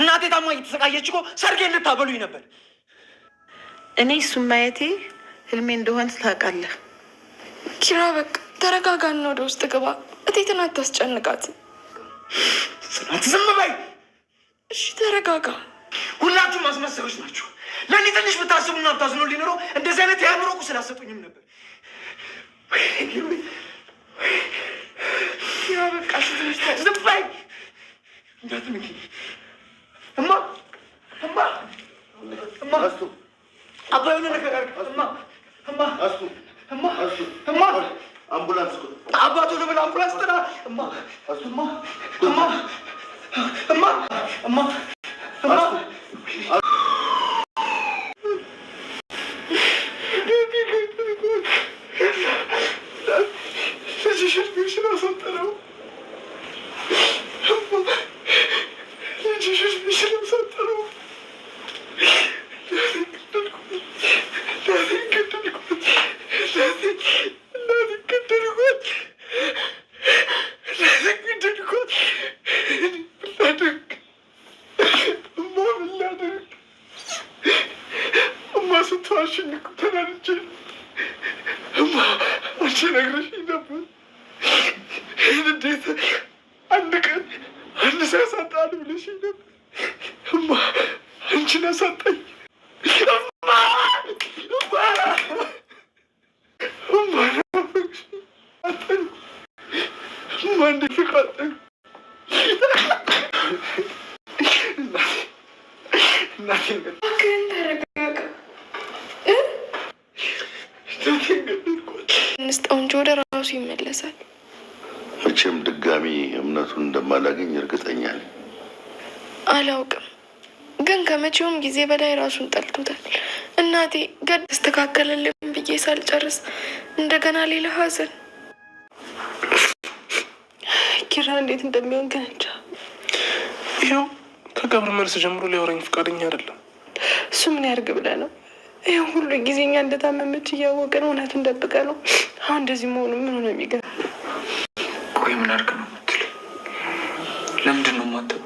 እናቴ ታማ እየተሰቃየች እኮ ሰርጌን ልታበሉኝ ነበር። እኔ እሱም ማየቴ ህልሜ እንደሆን ታውቃለህ። ኪራ በቃ ተረጋጋን፣ ወደ ውስጥ ግባ። እቴትን አታስጨንቃት። ጽናት ዝም በይ እሺ፣ ተረጋጋ። ሁላችሁም አስመሰሎች ናችሁ። ለእኔ ትንሽ ብታስቡና ብታዝኑ ሊኖሮ እንደዚህ አይነት የአእምሮ ቁስል አሰጡኝም ነበር። ኪራ በቃ ዝም በይ እንዳትምኪ አባ አምቡላንስ አባቱ አምቡላንስ ነግረሽ ነበር። ይህን እንዴት አንድ ቀን አንድ ሰው ያሳጣል ብለሽ ነበር። እማ አንቺን ያሳጣኝ ራሱ ይመለሳል። መቼም ድጋሚ እምነቱን እንደማላገኝ እርግጠኛ ነኝ። አላውቅም ግን ከመቼውም ጊዜ በላይ ራሱን ጠልቶታል። እናቴ ገድ ተስተካከለልን ብዬ ሳልጨርስ እንደገና ሌላ ሀዘን ኪራ እንዴት እንደሚሆን ግን እንጃ። ይኸው ከቀብር መልስ ጀምሮ ሊያወራኝ ፈቃደኛ አይደለም። እሱ ምን ያርግ ብለህ ነው ይህ ሁሉ ጊዜኛ እንደታመመች እያወቅን እውነት እንደብቀ ነው። አሁን እንደዚህ መሆኑ ምን ነው የሚገርም። ቆይ ምን አድርግ ነው ምትል? ለምንድን ነው ማተቡ?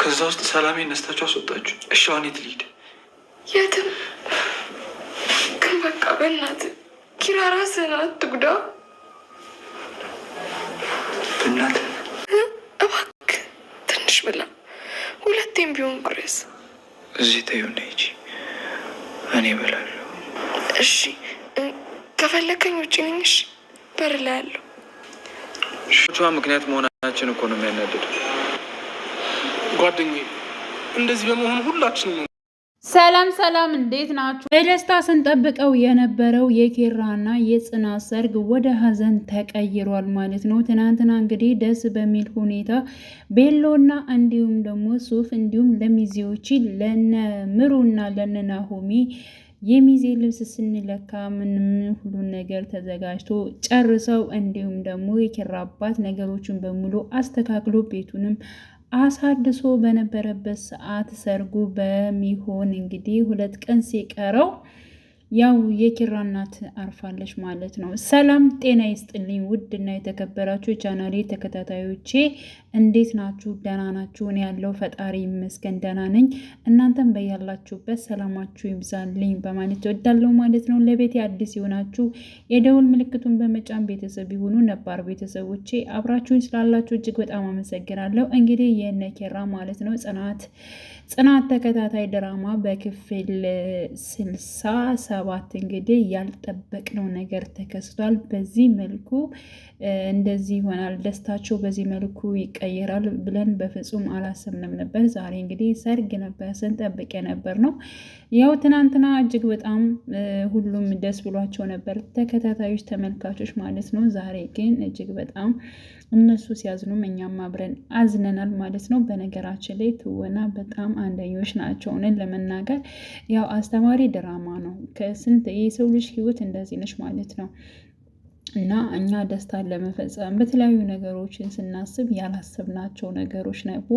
ከዛ ውስጥ ሰላሜ ነስታችሁ አስወጣችሁ። እሺ አሁን የት ልሂድ? የትም ግን በቃ በእናት ኪራ ራስህን አትጉዳ። በእናትህ እባክህ ትንሽ ብላ ሁለቴም ቢሆን ቁረስ። እዚህ ተይው ነይ እኔ እበላለሁ። እሺ ከፈለከኝ ውጭ ነኝ። እሺ በር ላይ ያለሁ ቿ ምክንያት መሆናችን እኮ ነው የሚያናድድ ጓደኛዬ። እንደዚህ በመሆኑ ሁላችንም ሰላም ሰላም፣ እንዴት ናችሁ? በደስታ ስንጠብቀው የነበረው የኪራና የጽናት ሰርግ ወደ ሀዘን ተቀይሯል ማለት ነው። ትናንትና እንግዲህ ደስ በሚል ሁኔታ ቤሎና እንዲሁም ደግሞ ሱፍ እንዲሁም ለሚዜዎች ለነ ምሩና ለነ ናሆሚ የሚዜ ልብስ ስንለካ ምንም ሁሉን ነገር ተዘጋጅቶ ጨርሰው እንዲሁም ደግሞ የኪራ አባት ነገሮችን በሙሉ አስተካክሎ ቤቱንም አሳድሶ በነበረበት ሰዓት ሰርጉ በሚሆን እንግዲህ ሁለት ቀን ሲቀረው ያው የኪራ እናት አርፋለች ማለት ነው። ሰላም ጤና ይስጥልኝ ውድና የተከበራችሁ የቻናሌ ተከታታዮቼ እንዴት ናችሁ? ደህና ናችሁን? ያለው ፈጣሪ ይመስገን ደህና ነኝ። እናንተም በያላችሁበት ሰላማችሁ ይብዛልኝ በማለት ወዳለው ማለት ነው። ለቤት አዲስ የሆናችሁ የደውል ምልክቱን በመጫን ቤተሰብ የሆኑ ነባር ቤተሰቦቼ አብራችሁኝ ስላላችሁ እጅግ በጣም አመሰግናለሁ። እንግዲህ የነ ኪራ ማለት ነው ጽናት ጽናት ተከታታይ ድራማ በክፍል ስልሳ ሰባት እንግዲህ ያልጠበቅነው ነገር ተከስቷል። በዚህ መልኩ እንደዚህ ይሆናል፣ ደስታቸው በዚህ መልኩ ይቀየራል ብለን በፍጹም አላሰብንም ነበር። ዛሬ እንግዲህ ሰርግ ነበር ስንጠብቅ ነበር ነው። ያው ትናንትና እጅግ በጣም ሁሉም ደስ ብሏቸው ነበር፣ ተከታታዮች ተመልካቾች ማለት ነው። ዛሬ ግን እጅግ በጣም እነሱ ሲያዝኑም እኛም አብረን አዝነናል ማለት ነው። በነገራችን ላይ ትወና በጣም አንደኞች ናቸው። እውነት ለመናገር ያው አስተማሪ ድራማ ነው። ከስንት የሰው ልጅ ህይወት እንደዚህ ነች ማለት ነው። እና እኛ ደስታን ለመፈጸም በተለያዩ ነገሮችን ስናስብ ያላሰብናቸው ነገሮች ነቦ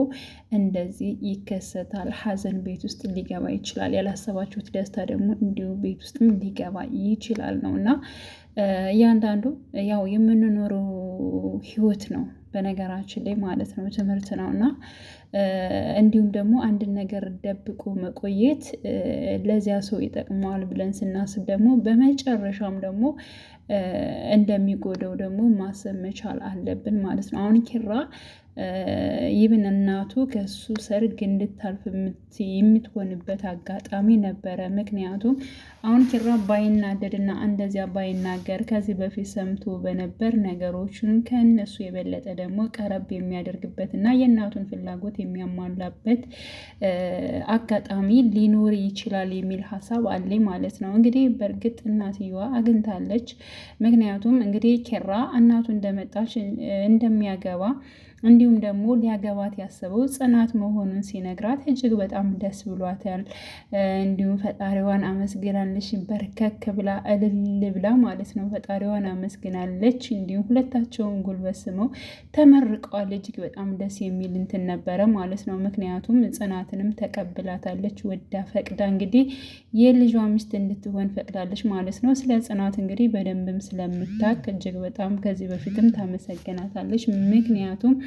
እንደዚህ ይከሰታል። ሐዘን ቤት ውስጥ ሊገባ ይችላል። ያላሰባችሁት ደስታ ደግሞ እንዲሁ ቤት ውስጥም ሊገባ ይችላል ነው እና እያንዳንዱ ያው የምንኖረው ህይወት ነው በነገራችን ላይ ማለት ነው ትምህርት ነው እና እንዲሁም ደግሞ አንድን ነገር ደብቆ መቆየት ለዚያ ሰው ይጠቅመዋል ብለን ስናስብ ደግሞ በመጨረሻም ደግሞ እንደሚጎደው ደግሞ ማሰብ መቻል አለብን ማለት ነው። አሁን ኪራ ይብን እናቱ ከሱ ሰርግ እንድታልፍ የምትሆንበት አጋጣሚ ነበረ። ምክንያቱም አሁን ኪራ ባይናደድና እንደዚያ ባይናገር ከዚህ በፊት ሰምቶ በነበር ነገሮችን ከእነሱ የበለጠ ደግሞ ቀረብ የሚያደርግበት እና የእናቱን ፍላጎት የሚያሟላበት አጋጣሚ ሊኖር ይችላል የሚል ሀሳብ አለ ማለት ነው። እንግዲህ በእርግጥ እናትየዋ አግኝታለች። ምክንያቱም እንግዲህ ኪራ እናቱ እንደመጣች እንደሚያገባ እንዲሁም ደግሞ ሊያገባት ያሰበው ጽናት መሆኑን ሲነግራት እጅግ በጣም ደስ ብሏታል። እንዲሁም ፈጣሪዋን አመስግናለች። በርከክ ብላ እልል ብላ ማለት ነው ፈጣሪዋን አመስግናለች። እንዲሁም ሁለታቸውን ጉልበት ስመው ተመርቀዋል። እጅግ በጣም ደስ የሚል እንትን ነበረ ማለት ነው። ምክንያቱም ጽናትንም ተቀብላታለች ወዳ ፈቅዳ እንግዲህ የልጇ ሚስት እንድትሆን ፈቅዳለች ማለት ነው። ስለ ጽናት እንግዲህ በደንብም ስለምታክ እጅግ በጣም ከዚህ በፊትም ታመሰግናታለች ምክንያቱም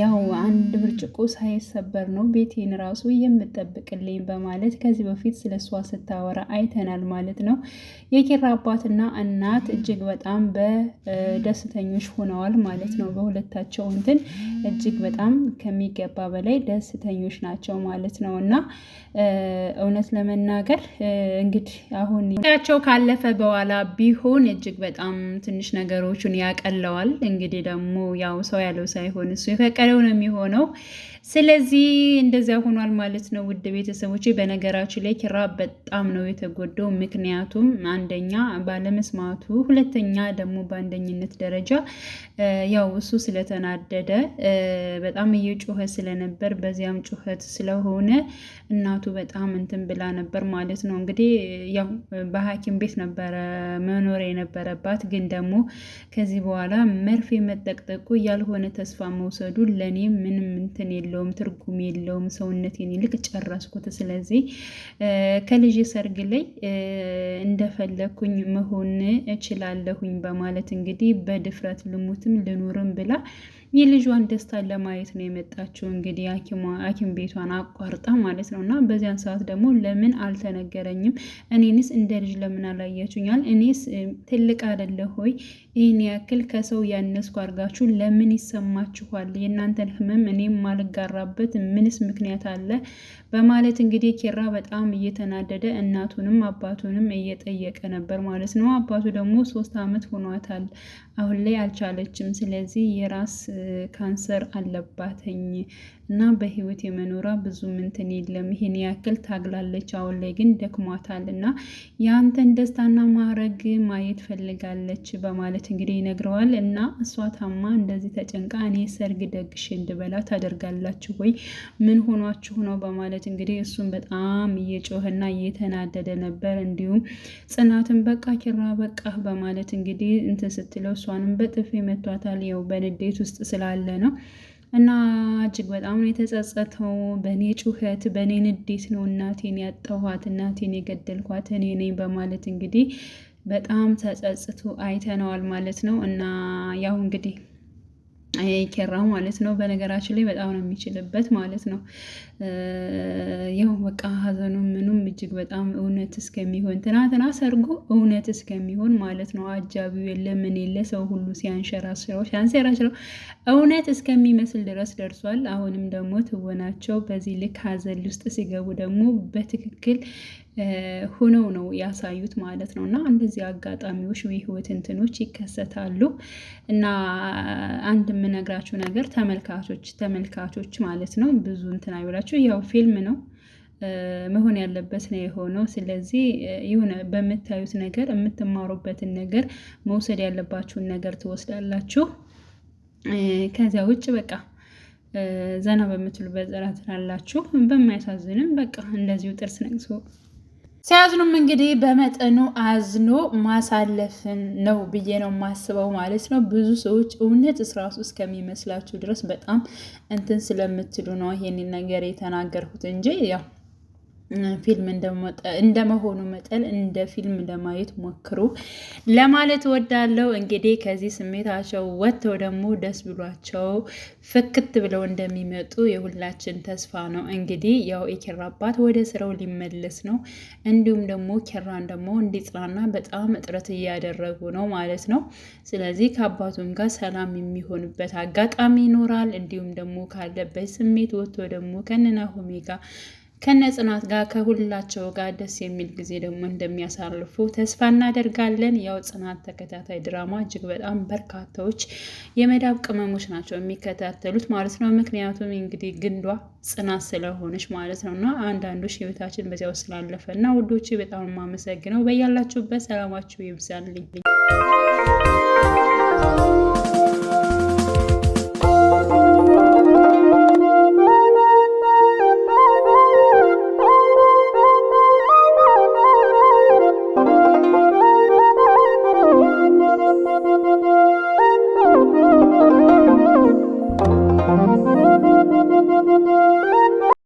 ያው አንድ ብርጭቆ ሳይሰበር ነው ቤቴን ራሱ የምጠብቅልኝ በማለት ከዚህ በፊት ስለ እሷ ስታወራ አይተናል ማለት ነው። የኪራ አባትና እናት እጅግ በጣም በደስተኞች ሆነዋል ማለት ነው። በሁለታቸው እንትን እጅግ በጣም ከሚገባ በላይ ደስተኞች ናቸው ማለት ነው። እና እውነት ለመናገር እንግዲህ አሁን ያቸው ካለፈ በኋላ ቢሆን እጅግ በጣም ትንሽ ነገሮቹን ያቀለዋል። እንግዲህ ደግሞ ያው ሰው ያለው ሳይሆን እሱ cara a uno mismo, ¿no? ስለዚህ እንደዚያ ሆኗል ማለት ነው። ውድ ቤተሰቦች፣ በነገራችን ላይ ኪራ በጣም ነው የተጎደው። ምክንያቱም አንደኛ ባለመስማቱ፣ ሁለተኛ ደግሞ በአንደኝነት ደረጃ ያው እሱ ስለተናደደ በጣም እየጮኸ ስለነበር በዚያም ጩኸት ስለሆነ እናቱ በጣም እንትን ብላ ነበር ማለት ነው። እንግዲህ ያው በሐኪም ቤት ነበረ መኖር የነበረባት ግን ደግሞ ከዚህ በኋላ መርፌ መጠቅጠቁ ያልሆነ ተስፋ መውሰዱ ለእኔ ምንም እንትን የለው የለውም፣ ትርጉም የለውም፣ ሰውነቴን ልክ ጨረስኩት። ስለዚህ ከልጅ ሰርግ ላይ እንደፈለኩኝ መሆን እችላለሁኝ በማለት እንግዲህ በድፍረት ልሙትም ልኑርም ብላ የልጇን ደስታን ለማየት ነው የመጣችው። እንግዲህ ሐኪም ቤቷን አቋርጣ ማለት ነው እና በዚያን ሰዓት ደግሞ ለምን አልተነገረኝም? እኔንስ እንደ ልጅ ለምን አላያችሁኛል? እኔስ ትልቅ አደለ ሆይ ይህን ያክል ከሰው ያነስኩ አድርጋችሁ ለምን ይሰማችኋል? የእናንተን ህመም እኔም ማልጋራበት ምንስ ምክንያት አለ? በማለት እንግዲህ ኪራ በጣም እየተናደደ እናቱንም አባቱንም እየጠየቀ ነበር ማለት ነው። አባቱ ደግሞ ሶስት ዓመት ሆኗታል አሁን ላይ አልቻለችም፣ ስለዚህ የራስ ካንሰር አለባተኝ እና በህይወት የመኖሯ ብዙ ምንትን የለም። ይህን ያክል ታግላለች። አሁን ላይ ግን ደክሟታል እና የአንተን ደስታና ማረግ ማየት ፈልጋለች በማለት እንግዲህ ይነግረዋል። እና እሷ ታማ እንደዚህ ተጨንቃ እኔ ሰርግ ደግሽ እንድበላ ታደርጋላችሁ ወይ? ምን ሆኗችሁ ነው? በማለት እንግዲህ እሱን በጣም እየጮህና እየተናደደ ነበር። እንዲሁም ጽናትን በቃ ኪራ በቃ በማለት እንግዲህ እንትን ስትለው እሷንም በጥፊ መቷታል። ያው በንዴት ውስጥ ስላለ ነው። እና እጅግ በጣም ነው የተጸጸተው። በእኔ ጩኸት፣ በእኔ ንዴት ነው እናቴን ያጠኋት፣ እናቴን የገደልኳት እኔ ነኝ በማለት እንግዲህ በጣም ተጸጽቶ አይተነዋል ማለት ነው እና ያው እንግዲህ ኬራ ማለት ነው። በነገራችን ላይ በጣም ነው የሚችልበት ማለት ነው። ያው በቃ ሀዘኑ ምኑም እጅግ በጣም እውነት እስከሚሆን ትናንትና ሰርጎ እውነት እስከሚሆን ማለት ነው። አጃቢው የለ ምን የለ ሰው ሁሉ ሲያንሸራሽረው ሲያንሸራሽረው እውነት እስከሚመስል ድረስ ደርሷል። አሁንም ደግሞ ትወናቸው በዚህ ልክ ሀዘን ውስጥ ሲገቡ ደግሞ በትክክል ሆነው ነው ያሳዩት ማለት ነው። እና እንደዚህ አጋጣሚዎች የህይወት እንትኖች ይከሰታሉ። እና አንድ የምነግራችሁ ነገር ተመልካቾች ተመልካቾች ማለት ነው ብዙ እንትን አይብላችሁ፣ ያው ፊልም ነው መሆን ያለበት ነው የሆነው። ስለዚህ የሆነ በምታዩት ነገር የምትማሩበትን ነገር መውሰድ ያለባችሁን ነገር ትወስዳላችሁ። ከዚያ ውጭ በቃ ዘና በምትሉበት ዘና ትላላችሁ። በማያሳዝንም በቃ እንደዚሁ ጥርስ ነቅሶ ሲያዝኑም እንግዲህ በመጠኑ አዝኖ ማሳለፍን ነው ብዬ ነው የማስበው ማለት ነው። ብዙ ሰዎች እውነት እስራሱ እስከሚመስላችሁ ድረስ በጣም እንትን ስለምትሉ ነው ይሄንን ነገር የተናገርኩት እንጂ ያው ፊልም እንደመሆኑ መጠን እንደ ፊልም ለማየት ሞክሩ ለማለት ወዳለው። እንግዲህ ከዚህ ስሜታቸው ወጥተው ደግሞ ደስ ብሏቸው ፍክት ብለው እንደሚመጡ የሁላችን ተስፋ ነው። እንግዲህ ያው የኪራ አባት ወደ ስራው ሊመለስ ነው። እንዲሁም ደግሞ ኪራን ደግሞ እንዲጽናና በጣም እጥረት እያደረጉ ነው ማለት ነው። ስለዚህ ከአባቱም ጋር ሰላም የሚሆንበት አጋጣሚ ይኖራል። እንዲሁም ደግሞ ካለበት ስሜት ወጥቶ ደግሞ ከነናሆሜ ጋር ከነ ጽናት ጋር ከሁላቸው ጋር ደስ የሚል ጊዜ ደግሞ እንደሚያሳልፉ ተስፋ እናደርጋለን። ያው ጽናት ተከታታይ ድራማ እጅግ በጣም በርካታዎች የመዳብ ቅመሞች ናቸው የሚከታተሉት ማለት ነው። ምክንያቱም እንግዲህ ግንዷ ጽናት ስለሆነች ማለት ነው እና አንዳንዶች ህይወታችን በዚያው ስላለፈ እና ውዶች በጣም የማመሰግነው በያላችሁበት ሰላማችሁ ይብዛልኝ።